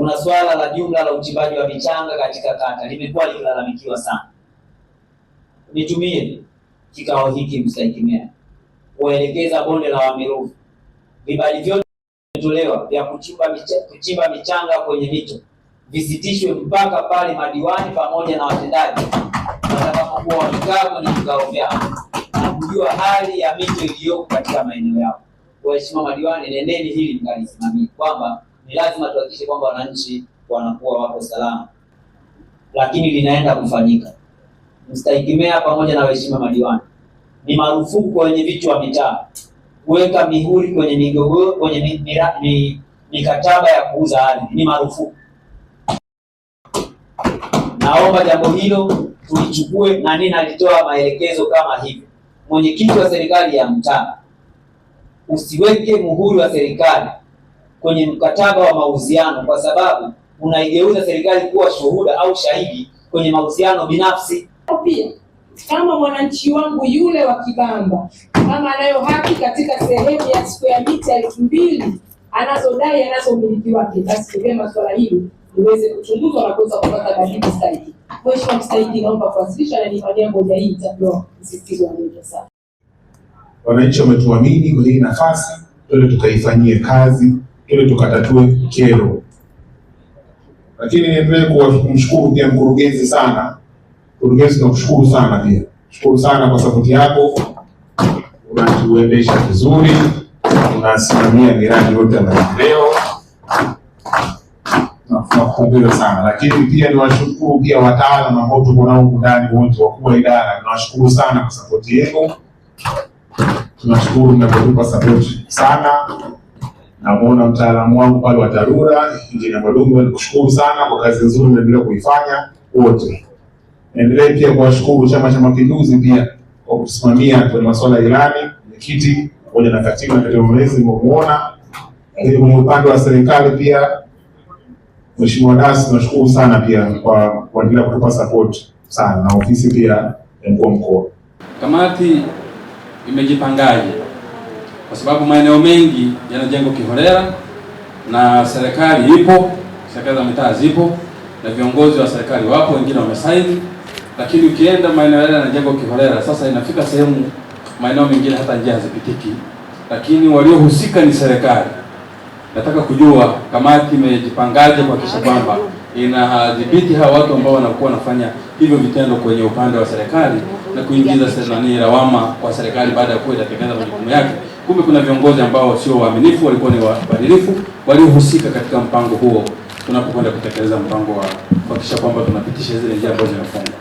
kuna swala la jumla la uchimbaji wa michanga katika kata limekuwa likilalamikiwa sana. Nitumie kikao hiki Msaikimea kuelekeza bonde la Wamiruvu, vibali vyote vimetolewa vya kuchimba michanga, kuchimba michanga kwenye mito visitishwe mpaka pale madiwani pamoja na watendaji watakapokuwa wamekaa kwenye vikao vyao na kujua hali ya mito iliyoko katika maeneo yao. Waheshimiwa madiwani, nendeni hili mkalisimamia kwamba ni lazima tuhakikishe kwamba wananchi wanakuwa wako salama, lakini linaenda kufanyika. Mstahikimea pamoja na waheshimiwa madiwani, ni marufuku kwenye vichwa mitaa kuweka mihuri kwenye migogoro, kwenye mikataba ya kuuza ardhi, ni marufuku. Naomba jambo hilo tulichukue, na nini alitoa maelekezo kama hivyo. Mwenyekiti wa serikali ya mtaa, usiweke muhuri wa serikali kwenye mkataba wa mahusiano kwa sababu unaigeuza serikali kuwa shuhuda au shahidi kwenye mahusiano binafsi. Pia kama mwananchi wangu yule wa Kibamba kama anayo haki katika sehemu ya square mita elfu mbili anazodai anazo umiliki wake, basi ni vyema swala hili liweze kuchunguzwa na kuweza kupata majibu sahihi. Mheshimiwa Mstahiki, naomba kuwasilisha na nifanyia moja hii itapewa msisitizo wa muhimu sana. Wananchi wametuamini kwenye hii nafasi, tuende tukaifanyie kazi ili tukatatue kero. Lakini niendelee kumshukuru pia mkurugenzi sana. Mkurugenzi, tunakushukuru sana pia, shukuru sana kwa sapoti yako, unatuendesha vizuri, unasimamia miradi yote ya maendeleo, tunakupongeza sana. Lakini pia niwashukuru pia wataalam ambao tuko nao ndani wote, wakuu wa idara, niwashukuru sana kwa sapoti yenu. Tunashukuru mnapotupa sapoti sana. Namuona mtaalamu wangu pale wa TARURA Injinia Mwalumbe, nikushukuru sana kwa kazi nzuri unaendelea kuifanya wote. Endelee pia kuwashukuru Chama cha Mapinduzi pia kwa kusimamia kwenye masuala ya ilani, mwenyekiti pamoja na katibu na katibu mwenezi mmemuona. Lakini kwenye upande wa serikali pia Mheshimiwa Dasi, tunashukuru sana pia kwa kuendelea kutupa support sana na ofisi pia ya mkuu mkoa. Kamati imejipangaje? kwa sababu maeneo mengi yanajengwa kiholela na serikali ipo, serikali za mitaa zipo na viongozi wa serikali wapo, wengine wamesaini, lakini ukienda maeneo yale yanajengwa kiholela. Sasa inafika sehemu maeneo mengine hata njia hazipitiki, lakini waliohusika ni serikali. Nataka kujua kamati imejipangaje kuhakikisha kwamba inadhibiti hawa watu ambao wanakuwa wanafanya hivyo vitendo kwenye upande wa serikali na kuingiza sasa nani lawama kwa serikali baada ya kuwa itatekeleza majukumu yake. Kumbe kuna viongozi ambao sio waaminifu, walikuwa ni wabadilifu, waliohusika katika mpango huo tunapokwenda kutekeleza mpango wa kuhakikisha kwamba tunapitisha zile njia ambazo zimefungwa.